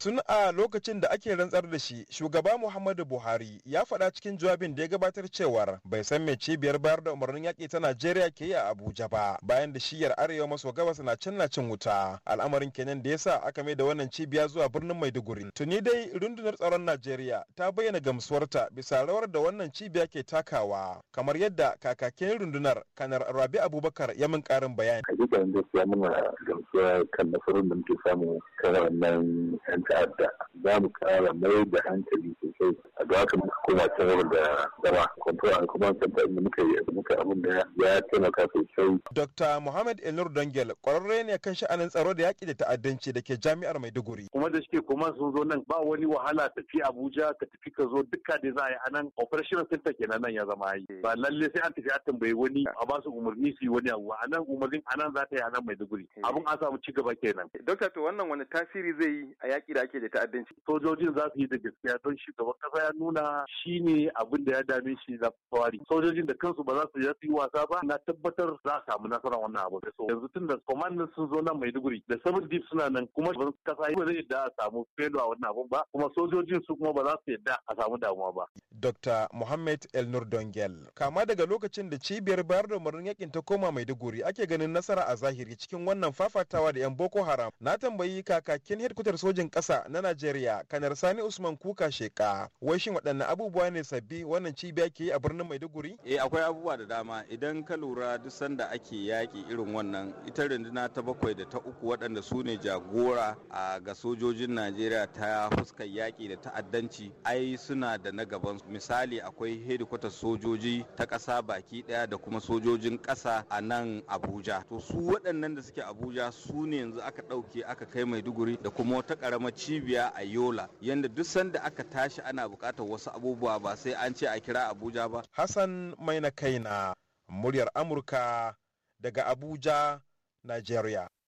Tun a lokacin da ake rantsar da shi, shugaba Muhammadu Buhari ya faɗa cikin jawabin da ya gabatar cewar bai san mai cibiyar bayar da umarnin yaƙi ta Najeriya ke yi a Abuja ba, bayan da shiyar arewa maso gabas na can na cin wuta. Al'amarin kenan da ya sa aka mai da wannan cibiya zuwa birnin Maiduguri. Tuni dai rundunar tsaron Najeriya ta bayyana gamsuwarta bisa rawar da wannan cibiya ke takawa, kamar yadda kakakin rundunar Kanar Rabi Abubakar ya min ƙarin bayani. ya samu ta'adda za mu kara mai da hankali sosai da haka muka koma can wurin da zama control and command center inda muka yi muka abin da ya taimaka sosai. Dr. Muhammad Elnur Dangel kwararre ne kan sha'anin tsaro da yaƙi da ta'addanci da ke jami'ar Maiduguri. Kuma da shike kuma sun zo nan ba wani wahala tafi Abuja ka tafi ka zo duka da za a yi a nan operational center kenan nan ya zama yi. Ba lalle sai an tafi a tambayi wani a ba su umarni su yi wani abu a nan umarnin a nan za ta yi a nan Maiduguri. Eh. Abin an samu ci gaba kenan. Dokta to wannan wani tasiri zai yi a yaƙi da ake da ta'addanci. Sojojin za su yi da gaskiya don shugaban kasa ya nuna nuna shi ne abin da ya dame shi na tsawari. sojojin da kansu ba za su yi yi wasa ba na tabbatar za a samu nasara wannan abu so yanzu tun da commanders sun zo nan maiduguri da seven deep suna nan kuma su kasa ba zai yadda a samu failure a wannan abun ba kuma sojojin su kuma ba za su yadda a samu damuwa ba Dr. Mohammed El Nur Kama daga lokacin da cibiyar bayar da umarnin yakin ta koma Maiduguri ake ganin nasara a zahiri cikin wannan fafatawa da 'yan Boko Haram. Na tambayi kakakin hedkwatar sojin kasa na Najeriya, Kanar Sani Usman Kuka Sheka. Wai shin waɗanne abubuwa ne sabbi wannan cibiya ke yi a birnin Maiduguri? Eh akwai abubuwa da dama idan ka lura duk sanda ake yaƙi irin wannan ita runduna ta bakwai da ta uku waɗanda su ne jagora a ga sojojin Najeriya ta fuskar yaƙi da ta'addanci ai suna da na gaban misali akwai hedikwatar sojoji ta ƙasa baki ɗaya da kuma sojojin ƙasa a nan abuja to su waɗannan da suke abuja su ne yanzu aka ɗauke aka kai maiduguri da kuma wata ƙaramar cibiya a yola yadda duk sanda aka tashi ana buƙatar wasu abubuwa ba sai an ce a kira abuja ba hassan mai na kaina muryar amurka daga abuja nigeria